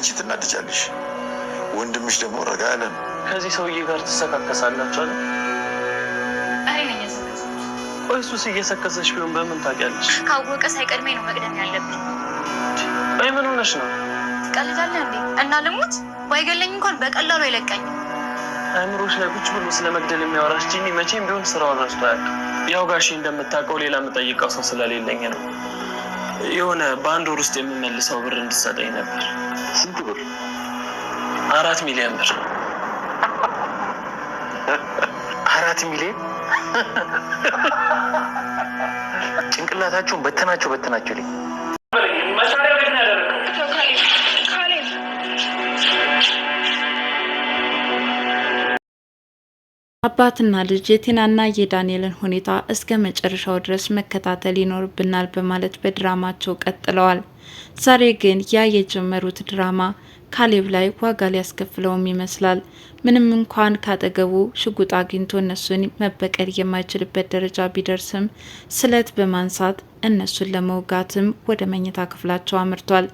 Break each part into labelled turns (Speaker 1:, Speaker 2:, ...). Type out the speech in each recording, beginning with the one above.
Speaker 1: አንቺ ትናድጃለሽ፣ ወንድምሽ ደግሞ ረጋ ያለ ነው።
Speaker 2: ከዚህ ሰውዬ ጋር ትሰካከሳላችሁ አለ። ቆይ እሱስ ቢሆን በምን ታውቂያለሽ?
Speaker 3: ካወቀ ሳይቀድሜ ነው መቅደም ያለብኝ።
Speaker 2: ወይ ምን ሆነሽ ነው?
Speaker 3: ትቀልዳለህ እንዴ? እና ልሙት ባይገለኝ እንኳን በቀላሉ አይለቀኝም።
Speaker 2: አይምሮች ላይ ቁጭ ብሎ ስለ መግደል የሚያወራሽ ጂኒ መቼም ቢሆን ስራውን ረስቶ አያውቅም። ያው ጋሼ እንደምታውቀው ሌላ የምጠይቀው ሰው ስለሌለኝ ነው። የሆነ በአንድ ወር ውስጥ የምመልሰው ብር እንድሰጠኝ ነበር። ስንት ብር? አራት ሚሊዮን ብር።
Speaker 1: አራት ሚሊዮን ጭንቅላታችሁን በተናቸው በተናቸው ላይ
Speaker 4: መሳሪያ ቤት
Speaker 5: አባትና ልጅ የቴናና የዳንኤልን ሁኔታ እስከ መጨረሻው ድረስ መከታተል ይኖርብናል በማለት በድራማቸው ቀጥለዋል። ዛሬ ግን ያ የጀመሩት ድራማ ካሌብ ላይ ዋጋ ሊያስከፍለውም ይመስላል። ምንም እንኳን ካጠገቡ ሽጉጥ አግኝቶ እነሱን መበቀል የማይችልበት ደረጃ ቢደርስም ስለት በማንሳት እነሱን ለመውጋትም ወደ መኝታ ክፍላቸው አምርቷል።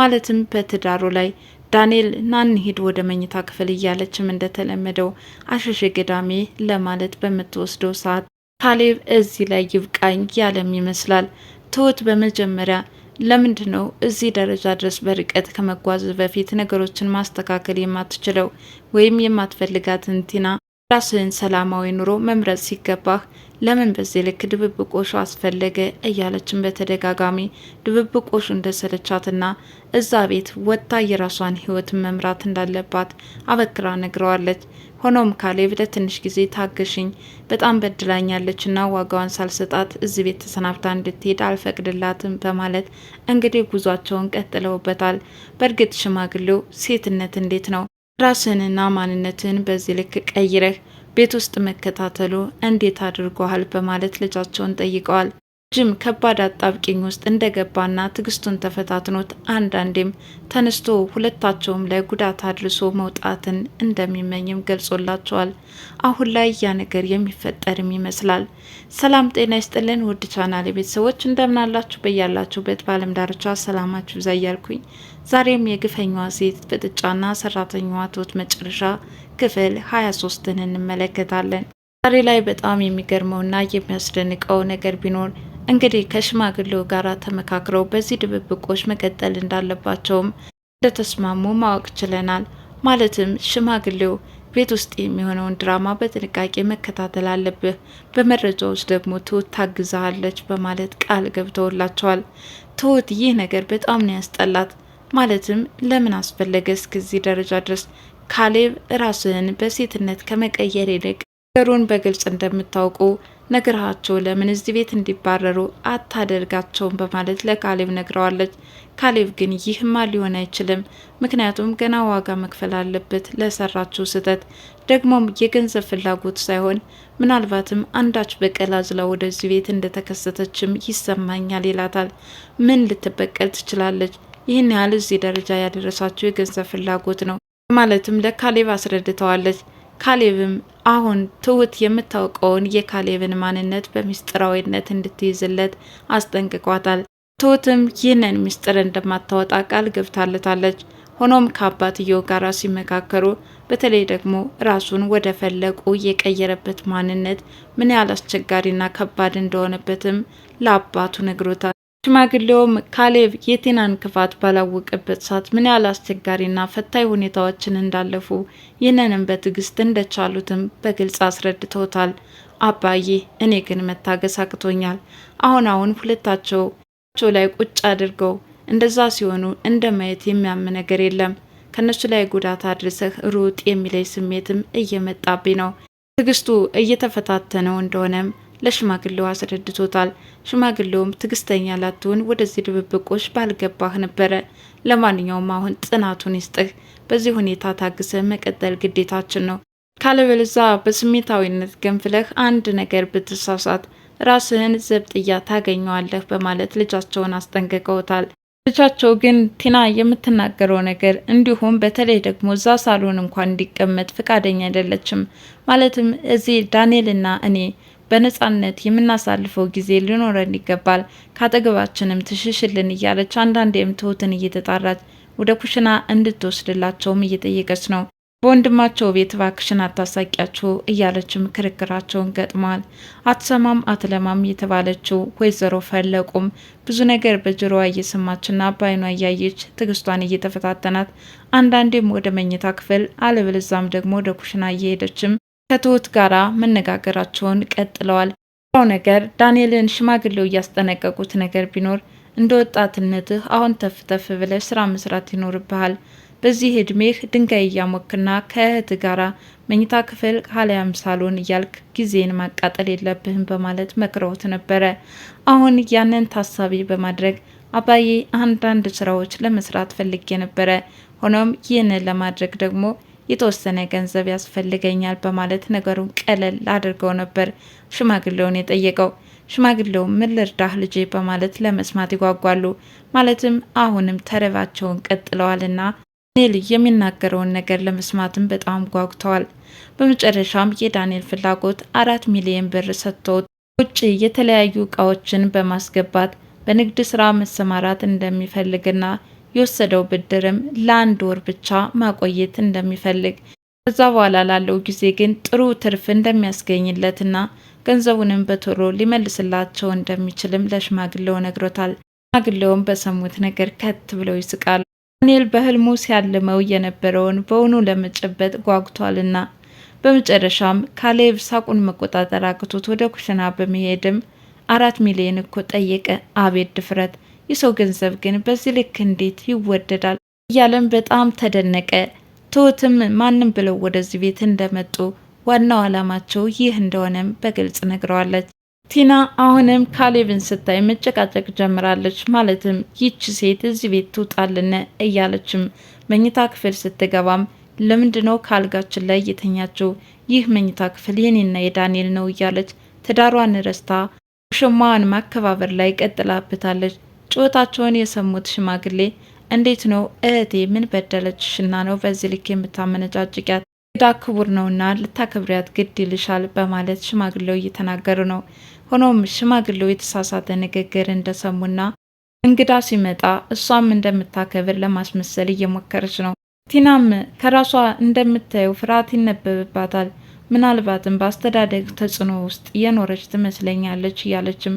Speaker 5: ማለትም በትዳሩ ላይ ዳንኤል ና እንሂድ ወደ መኝታ ክፍል እያለችም እንደተለመደው አሸሼ ገዳሜ ለማለት በምትወስደው ሰዓት ካሌብ እዚህ ላይ ይብቃኝ ያለም ይመስላል። ትሁት በመጀመሪያ ለምንድ ነው እዚህ ደረጃ ድረስ በርቀት ከመጓዝ በፊት ነገሮችን ማስተካከል የማትችለው ወይም የማትፈልጋትን ቲና ራስህን ሰላማዊ ኑሮ መምረጥ ሲገባህ ለምን በዚህ ልክ ድብብቆሹ አስፈለገ እያለችን በተደጋጋሚ ድብብቆሹ እንደሰለቻትና እዛ ቤት ወጥታ የራሷን ህይወትን መምራት እንዳለባት አበክራ ነግረዋለች። ሆኖም ካሌብ ለትንሽ ጊዜ ታገሽኝ፣ በጣም በድላኛለች ዋጋዋን ሳልሰጣት እዚህ ቤት ተሰናብታ እንድትሄድ አልፈቅድላትም በማለት እንግዲህ ጉዟቸውን ቀጥለውበታል። በእርግጥ ሽማግሌው ሴትነት እንዴት ነው ራስንና ማንነትን በዚህ ልክ ቀይረህ ቤት ውስጥ መከታተሉ እንዴት አድርጎሃል? በማለት ልጃቸውን ጠይቀዋል። ጅም ከባድ አጣብቂኝ ውስጥ እንደገባና ትግስቱን ተፈታትኖት አንዳንዴም ተነስቶ ሁለታቸውም ላይ ጉዳት አድርሶ መውጣትን እንደሚመኝም ገልጾላቸዋል። አሁን ላይ ያ ነገር የሚፈጠርም ይመስላል። ሰላም ጤና ይስጥልን ውድ ቻናል ቤተሰቦች እንደምናላችሁ በያላችሁበት በዓለም ዳርቻ ሰላማችሁ ይብዛ እያልኩኝ ዛሬም የግፈኛዋ ሴት ፍጥጫና ሰራተኛዋ ትሁት መጨረሻ ክፍል 23ን እንመለከታለን። ዛሬ ላይ በጣም የሚገርመውና የሚያስደንቀው ነገር ቢኖር እንግዲህ ከሽማግሌው ጋር ተመካክረው በዚህ ድብብቆች መቀጠል እንዳለባቸውም እንደተስማሙ ማወቅ ችለናል። ማለትም ሽማግሌው ቤት ውስጥ የሚሆነውን ድራማ በጥንቃቄ መከታተል አለብህ፣ በመረጃዎች ደግሞ ትሁት ታግዛሃለች በማለት ቃል ገብተውላቸዋል። ትሁት ይህ ነገር በጣም ነው ያስጠላት። ማለትም ለምን አስፈለገ እስከዚህ ደረጃ ድረስ? ካሌብ ራስህን በሴትነት ከመቀየር ይልቅ ነገሩን በግልጽ እንደምታውቁ ነግርሃቸው ለምን እዚህ ቤት እንዲባረሩ አታደርጋቸውም በማለት ለካሌብ ነግረዋለች። ካሌብ ግን ይህማ ሊሆን አይችልም፣ ምክንያቱም ገና ዋጋ መክፈል አለበት ለሰራችው ስህተት። ደግሞም የገንዘብ ፍላጎት ሳይሆን ምናልባትም አንዳች በቀል አዝላ ወደዚህ ቤት እንደተከሰተችም ይሰማኛል ይላታል። ምን ልትበቀል ትችላለች? ይህን ያህል እዚህ ደረጃ ያደረሳቸው የገንዘብ ፍላጎት ነው በማለትም ለካሌብ አስረድተዋለች። ካሌብም አሁን ትሁት የምታውቀውን የካሌብን ማንነት በምስጢራዊነት እንድትይዝለት አስጠንቅቋታል። ትሁትም ይህንን ምስጢር እንደማታወጣ ቃል ገብታለታለች። ሆኖም ከአባትየው ጋር ሲመካከሩ በተለይ ደግሞ ራሱን ወደ ፈለቁ የቀየረበት ማንነት ምን ያህል አስቸጋሪና ከባድ እንደሆነበትም ለአባቱ ነግሮታል። ሽማግሌውም ካሌብ የቴናን ክፋት ባላወቀበት ሰዓት ምን ያህል አስቸጋሪና ፈታኝ ሁኔታዎችን እንዳለፉ ይህንንም በትዕግስት እንደቻሉትም በግልጽ አስረድተውታል። አባዬ እኔ ግን መታገስ አቅቶኛል። አሁን አሁን ሁለታቸው ቸው ላይ ቁጭ አድርገው እንደዛ ሲሆኑ እንደ ማየት የሚያም ነገር የለም። ከእነሱ ላይ ጉዳት አድርሰህ ሩጥ የሚለይ ስሜትም እየመጣብኝ ነው። ትዕግስቱ እየተፈታተነው እንደሆነም ለሽማግሌው አስረድቶታል። ሽማግሌውም ትግስተኛ ላትሆን ወደዚህ ድብብቆች ባልገባህ ነበረ። ለማንኛውም አሁን ጽናቱን ይስጥህ። በዚህ ሁኔታ ታግሰ መቀጠል ግዴታችን ነው። ካለበለዚያ በስሜታዊነት ገንፍለህ አንድ ነገር ብትሳሳት ራስህን ዘብጥያ ታገኘዋለህ በማለት ልጃቸውን አስጠንቅቀውታል። ልጃቸው ግን ቲና የምትናገረው ነገር እንዲሁም በተለይ ደግሞ እዛ ሳሎን እንኳን እንዲቀመጥ ፈቃደኛ አይደለችም። ማለትም እዚህ ዳንኤልና እኔ በነጻነት የምናሳልፈው ጊዜ ሊኖረን ይገባል፣ ካጠገባችንም ትሽሽልን እያለች አንዳንዴም ትሁትን እየተጣራች ወደ ኩሽና እንድትወስድላቸውም እየጠየቀች ነው። በወንድማቸው ቤት እባክሽን አታሳቂያችሁ እያለችም ክርክራቸውን ገጥመዋል። አትሰማም አትለማም የተባለችው ወይዘሮ ፈለቁም ብዙ ነገር በጆሮዋ እየሰማችና በአይኗ እያየች ትግስቷን እየተፈታተናት አንዳንዴም ወደ መኝታ ክፍል አለበለዛም ደግሞ ወደ ኩሽና እየሄደችም ከትሁት ጋራ መነጋገራቸውን ቀጥለዋል። ው ነገር ዳንኤልን ሽማግሌው እያስጠነቀቁት ነገር ቢኖር እንደ ወጣትነትህ አሁን ተፍተፍ ብለህ ስራ መስራት ይኖርብሃል። በዚህ እድሜህ ድንጋይ እያሞክና ከእህት ጋራ መኝታ ክፍል ሀሊያም ሳሎን እያልክ ጊዜን ማቃጠል የለብህም በማለት መክረውት ነበረ። አሁን ያንን ታሳቢ በማድረግ አባዬ አንዳንድ ስራዎች ለመስራት ፈልጌ ነበረ። ሆኖም ይህንን ለማድረግ ደግሞ የተወሰነ ገንዘብ ያስፈልገኛል በማለት ነገሩን ቀለል አድርገው ነበር ሽማግሌውን የጠየቀው። ሽማግሌው ምን ልርዳህ ልጄ በማለት ለመስማት ይጓጓሉ። ማለትም አሁንም ተረባቸውን ቀጥለዋልና ኔል የሚናገረውን ነገር ለመስማትም በጣም ጓጉተዋል። በመጨረሻም የዳንኤል ፍላጎት አራት ሚሊዮን ብር ሰጥቶት ውጭ የተለያዩ እቃዎችን በማስገባት በንግድ ስራ መሰማራት እንደሚፈልግና የወሰደው ብድርም ለአንድ ወር ብቻ ማቆየት እንደሚፈልግ ከዛ በኋላ ላለው ጊዜ ግን ጥሩ ትርፍ እንደሚያስገኝለትና ገንዘቡንም በቶሎ ሊመልስላቸው እንደሚችልም ለሽማግሌው ነግሮታል። ሽማግሌውም በሰሙት ነገር ከት ብለው ይስቃሉ። ዳንኤል በህልሙ ሲያልመው የነበረውን በውኑ ለመጨበጥ ጓጉቷልና በመጨረሻም ካሌብ ሳቁን መቆጣጠር አቅቶት ወደ ኩሽና በመሄድም አራት ሚሊዮን እኮ ጠየቀ። አቤት ድፍረት! የሰው ገንዘብ ግን በዚህ ልክ እንዴት ይወደዳል እያለም በጣም ተደነቀ። ትሁትም ማንም ብለው ወደዚህ ቤት እንደመጡ ዋናው ዓላማቸው ይህ እንደሆነም በግልጽ ነግረዋለች። ቲና አሁንም ካሌብን ስታይ መጨቃጨቅ ጀምራለች። ማለትም ይቺ ሴት እዚህ ቤት ትውጣልን እያለችም መኝታ ክፍል ስትገባም ለምንድነው ከአልጋችን ላይ የተኛችው? ይህ መኝታ ክፍል የኔና የዳንኤል ነው እያለች ትዳሯን ረስታ ውሽማዋን ማከባበር ላይ ቀጥላብታለች። ጩኸታቸውን የሰሙት ሽማግሌ እንዴት ነው እህቴ ምን በደለችሽና ነው በዚህ ልክ የምታመነጫጭቂያት? ዳ ክቡር ነውና ልታከብሪያት ግድ ይልሻል በማለት ሽማግሌው እየተናገሩ ነው። ሆኖም ሽማግሌው የተሳሳተ ንግግር እንደሰሙና እንግዳ ሲመጣ እሷም እንደምታከብር ለማስመሰል እየሞከረች ነው። ቲናም ከራሷ እንደምታየው ፍርሃት ይነበብባታል። ምናልባትም በአስተዳደግ ተጽዕኖ ውስጥ እየኖረች ትመስለኛለች እያለችም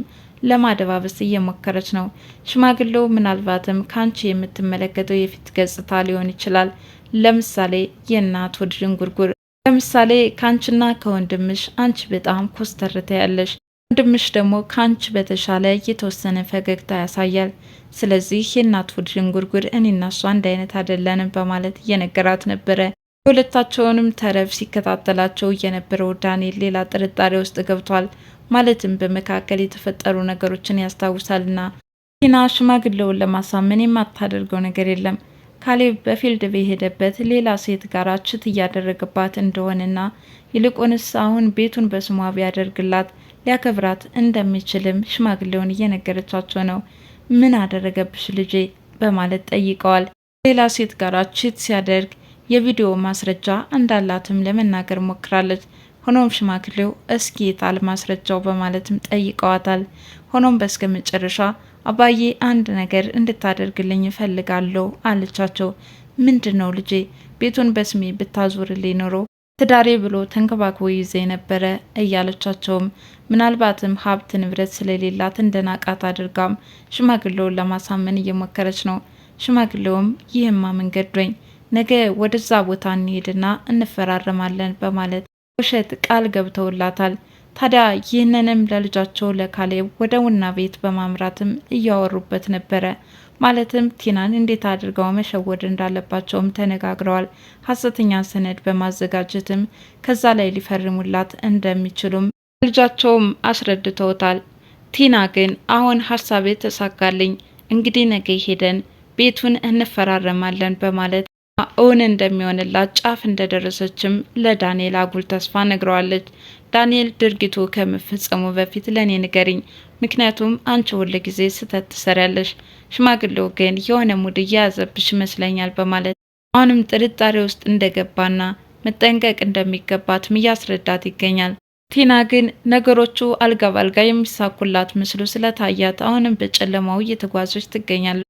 Speaker 5: ለማደባበስ እየሞከረች ነው። ሽማግሌው ምናልባትም ከአንቺ የምትመለከተው የፊት ገጽታ ሊሆን ይችላል። ለምሳሌ የእናት ሆድ ድንጉርጉር። ለምሳሌ ከአንቺና ከወንድምሽ አንቺ በጣም ኮስተርተ ያለሽ፣ ወንድምሽ ደግሞ ከአንቺ በተሻለ የተወሰነ ፈገግታ ያሳያል። ስለዚህ የእናት ሆድ ዥንጉርጉር እኔና እሷ አንድ አይነት አይደለንም በማለት እየነገራት ነበረ። የሁለታቸውንም ተረብ ሲከታተላቸው የነበረው ዳንኤል ሌላ ጥርጣሬ ውስጥ ገብቷል። ማለትም በመካከል የተፈጠሩ ነገሮችን ያስታውሳልና ቲና ሽማግሌውን ለማሳመን የማታደርገው ነገር የለም። ካሌብ በፊልድ በሄደበት ሌላ ሴት ጋር ችት እያደረገባት እንደሆነና ይልቁንስ አሁን ቤቱን በስሟ ቢያደርግላት ሊያከብራት እንደሚችልም ሽማግሌውን እየነገረቻቸው ነው። ምን አደረገብሽ ልጄ በማለት ጠይቀዋል። ሌላ ሴት ጋር ችት ሲያደርግ የቪዲዮ ማስረጃ እንዳላትም ለመናገር ሞክራለች። ሆኖም ሽማግሌው እስኪ ጣል ማስረጃው በማለትም ጠይቀዋታል። ሆኖም በስከ መጨረሻ አባዬ አንድ ነገር እንድታደርግልኝ እፈልጋለሁ አለቻቸው። ምንድን ነው ልጄ? ቤቱን በስሜ ብታዞርልኝ ኖሮ ትዳሬ ብሎ ተንከባክቦ ይዜ ነበረ እያለቻቸውም ምናልባትም ሀብት ንብረት ስለሌላት እንደናቃት አድርጋም ሽማግሌውን ለማሳመን እየሞከረች ነው። ሽማግሌውም ይህማ መንገድ ዶኝ ነገ ወደዛ ቦታ እንሄድና እንፈራረማለን በማለት ውሸት ቃል ገብተውላታል። ታዲያ ይህንንም ለልጃቸው ለካሌብ ወደ ውና ቤት በማምራትም እያወሩበት ነበረ። ማለትም ቲናን እንዴት አድርገው መሸወድ እንዳለባቸውም ተነጋግረዋል። ሀሰተኛ ሰነድ በማዘጋጀትም ከዛ ላይ ሊፈርሙላት እንደሚችሉም ልጃቸውም አስረድተውታል። ቲና ግን አሁን ሀሳቤ ተሳካልኝ፣ እንግዲህ ነገ ሄደን ቤቱን እንፈራረማለን በማለት እውን እንደሚሆንላት ጫፍ እንደደረሰችም ለዳንኤል አጉል ተስፋ ነግረዋለች። ዳንኤል ድርጊቱ ከመፈጸሙ በፊት ለእኔ ንገሪኝ፣ ምክንያቱም አንቺ ሁል ጊዜ ስህተት ትሰሪያለሽ። ሽማግሌው ግን የሆነ ሙድ እየያዘብሽ ይመስለኛል በማለት አሁንም ጥርጣሬ ውስጥ እንደገባና መጠንቀቅ እንደሚገባትም እያስረዳት ይገኛል። ቲና ግን ነገሮቹ አልጋ ባልጋ የሚሳኩላት ምስሉ ስለታያት አሁንም በጨለማው እየተጓዘች ትገኛለች።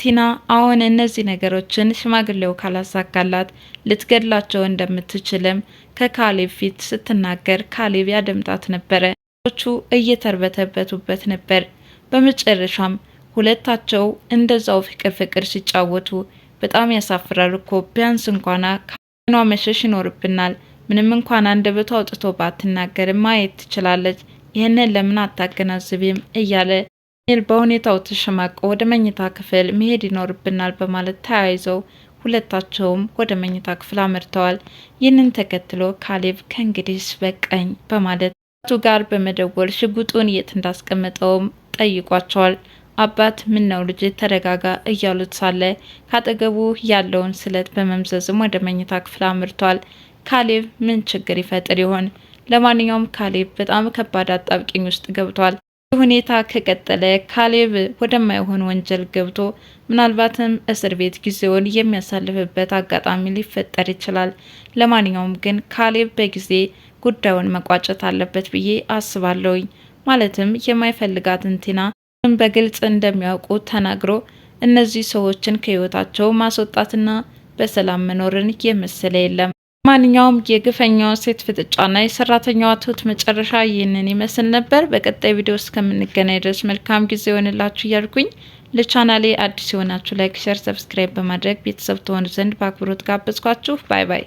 Speaker 5: ቲና አሁን እነዚህ ነገሮችን ሽማግሌው ካላሳካላት ልትገድላቸው እንደምትችልም ከካሌብ ፊት ስትናገር ካሌብ ያደምጣት ነበረ። ቹ እየተርበተበቱበት ነበር። በመጨረሻም ሁለታቸው እንደዛው ፍቅር ፍቅር ሲጫወቱ በጣም ያሳፍራል እኮ ቢያንስ እንኳና ከአይኗ መሸሽ ይኖርብናል። ምንም እንኳን አንደበቷ አውጥቶ ባትናገር ማየት ትችላለች። ይህንን ለምን አታገናዝብም እያለ ሜል በሁኔታው ተሸማቀ ወደ መኝታ ክፍል መሄድ ይኖርብናል በማለት ተያይዘው ሁለታቸውም ወደ መኝታ ክፍል አምርተዋል። ይህንን ተከትሎ ካሌብ ከእንግዲህ በቀኝ በማለት አባቱ ጋር በመደወል ሽጉጡን የት እንዳስቀመጠውም ጠይቋቸዋል። አባት ምን ነው ልጅ ተረጋጋ እያሉት ሳለ ካጠገቡ ያለውን ስለት በመምዘዝም ወደ መኝታ ክፍል አምርቷል። ካሌብ ምን ችግር ይፈጥር ይሆን? ለማንኛውም ካሌብ በጣም ከባድ አጣብቂኝ ውስጥ ገብቷል። ሁኔታ ከቀጠለ ካሌብ ወደማይሆን ወንጀል ገብቶ ምናልባትም እስር ቤት ጊዜውን የሚያሳልፍበት አጋጣሚ ሊፈጠር ይችላል። ለማንኛውም ግን ካሌብ በጊዜ ጉዳዩን መቋጨት አለበት ብዬ አስባለሁኝ። ማለትም የማይፈልጋትን ቲና በግልጽ እንደሚያውቁ ተናግሮ እነዚህ ሰዎችን ከህይወታቸው ማስወጣትና በሰላም መኖርን የመሰለ የለም። ማንኛውም የግፈኛዋ ሴት ፍጥጫና የሰራተኛዋ ትሁት መጨረሻ ይህንን ይመስል ነበር። በቀጣይ ቪዲዮ እስከምንገናኝ ድረስ መልካም ጊዜ ይሆንላችሁ እያልኩኝ ለቻናሌ አዲስ የሆናችሁ ላይክ፣ ሸር፣ ሰብስክራይብ በማድረግ ቤተሰብ ትሆኑ ዘንድ በአክብሮት ጋበዝኳችሁ። ባይ ባይ።